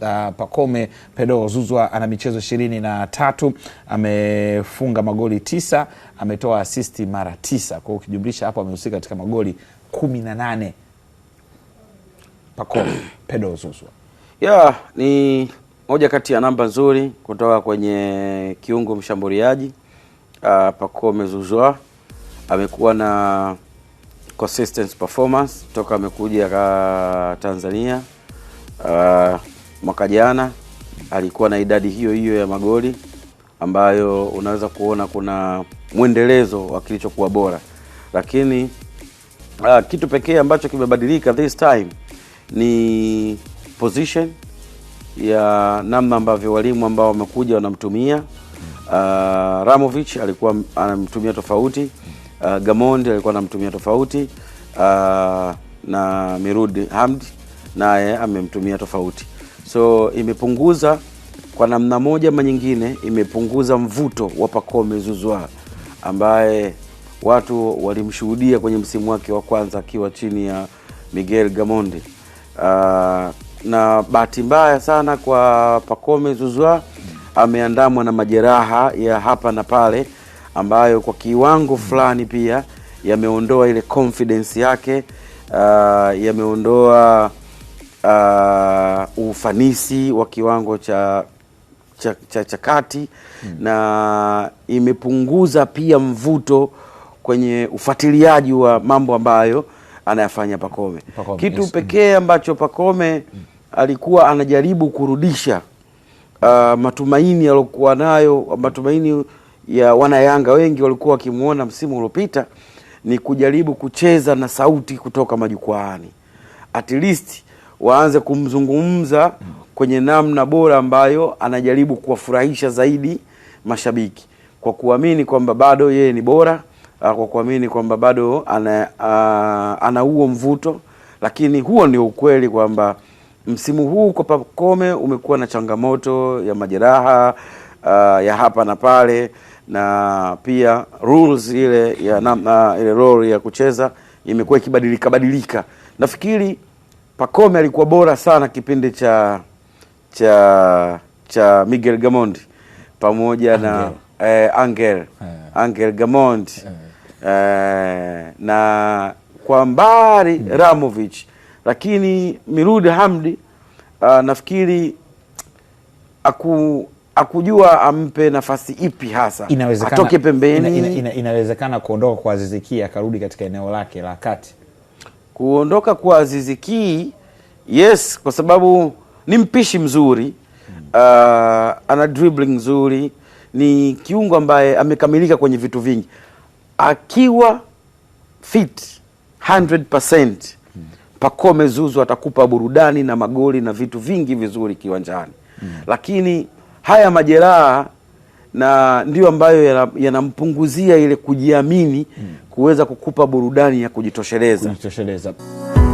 Uh, Pacome Pedro Zuzwa ana michezo ishirini na tatu, amefunga magoli tisa, ametoa asisti mara tisa. Kwa hiyo ukijumlisha hapo amehusika katika magoli kumi na nane Pacome Pedro Zuzwa yeah, ni moja kati ya namba nzuri kutoka kwenye kiungo mshambuliaji. Uh, Pacome Zuzwa amekuwa na consistent performance toka amekuja ah, Tanzania uh, Mwaka jana alikuwa na idadi hiyo hiyo ya magoli ambayo unaweza kuona kuna mwendelezo wa kilichokuwa bora, lakini uh, kitu pekee ambacho kimebadilika this time ni position ya namna ambavyo walimu ambao wamekuja wanamtumia. Uh, ah, Ramovich alikuwa anamtumia tofauti, uh, ah, Gamond alikuwa anamtumia tofauti, uh, na Mirud hamd naye amemtumia tofauti so imepunguza kwa namna moja ama nyingine, imepunguza mvuto wa pakome Zouzoua ambaye watu walimshuhudia kwenye msimu wake wa kwanza akiwa chini ya Miguel gamonde Uh, ah, na bahati mbaya sana kwa pakome zuzwa ameandamwa na majeraha ya hapa na pale ambayo kwa kiwango fulani pia yameondoa ile confidence yake, uh, yameondoa uh, ufanisi wa kiwango cha cha, cha, cha kati hmm. na imepunguza pia mvuto kwenye ufuatiliaji wa mambo ambayo anayafanya Pakome, Pakome kitu yes. pekee ambacho Pakome hmm. alikuwa anajaribu kurudisha uh, matumaini aliyokuwa nayo, matumaini ya wanayanga wengi walikuwa wakimwona msimu uliopita, ni kujaribu kucheza na sauti kutoka majukwaani at least waanze kumzungumza kwenye namna bora ambayo anajaribu kuwafurahisha zaidi mashabiki kwa kuamini kwamba bado yeye ni bora, ah, kwa kuamini kwamba bado ana, ah, ana huo mvuto. Lakini huo ndio ukweli kwamba msimu huu kwa Pacome umekuwa na changamoto ya majeraha ah, ya hapa na pale, na pia rules ile ya namna ile role ya kucheza imekuwa ikibadilika badilika. Nafikiri Pacome alikuwa bora sana kipindi cha cha cha Miguel Gamond pamoja Angel. na eh, Angel yeah. Angel yeah. eh, na kwa mbali mm. Ramovic, lakini Mirudi Hamdi uh, nafikiri aku akujua ampe nafasi ipi hasa atoke pembeni. Inawezekana, ina, ina, ina kuondoka kwa Azizikia akarudi katika eneo lake la kati kuondoka kwa Azizi Ki, yes, kwa sababu ni mpishi mzuri uh, ana dribbling nzuri, ni kiungo ambaye amekamilika kwenye vitu vingi akiwa fit 100%. Pacome Zuzu atakupa burudani na magoli na vitu vingi vizuri kiwanjani, Mm. Lakini haya majeraha na ndiyo ambayo yanampunguzia yana ile kujiamini, hmm, kuweza kukupa burudani ya kujitosheleza kujitosheleza.